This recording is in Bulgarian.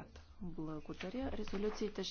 доклад. Благодаря. Резолюциите ще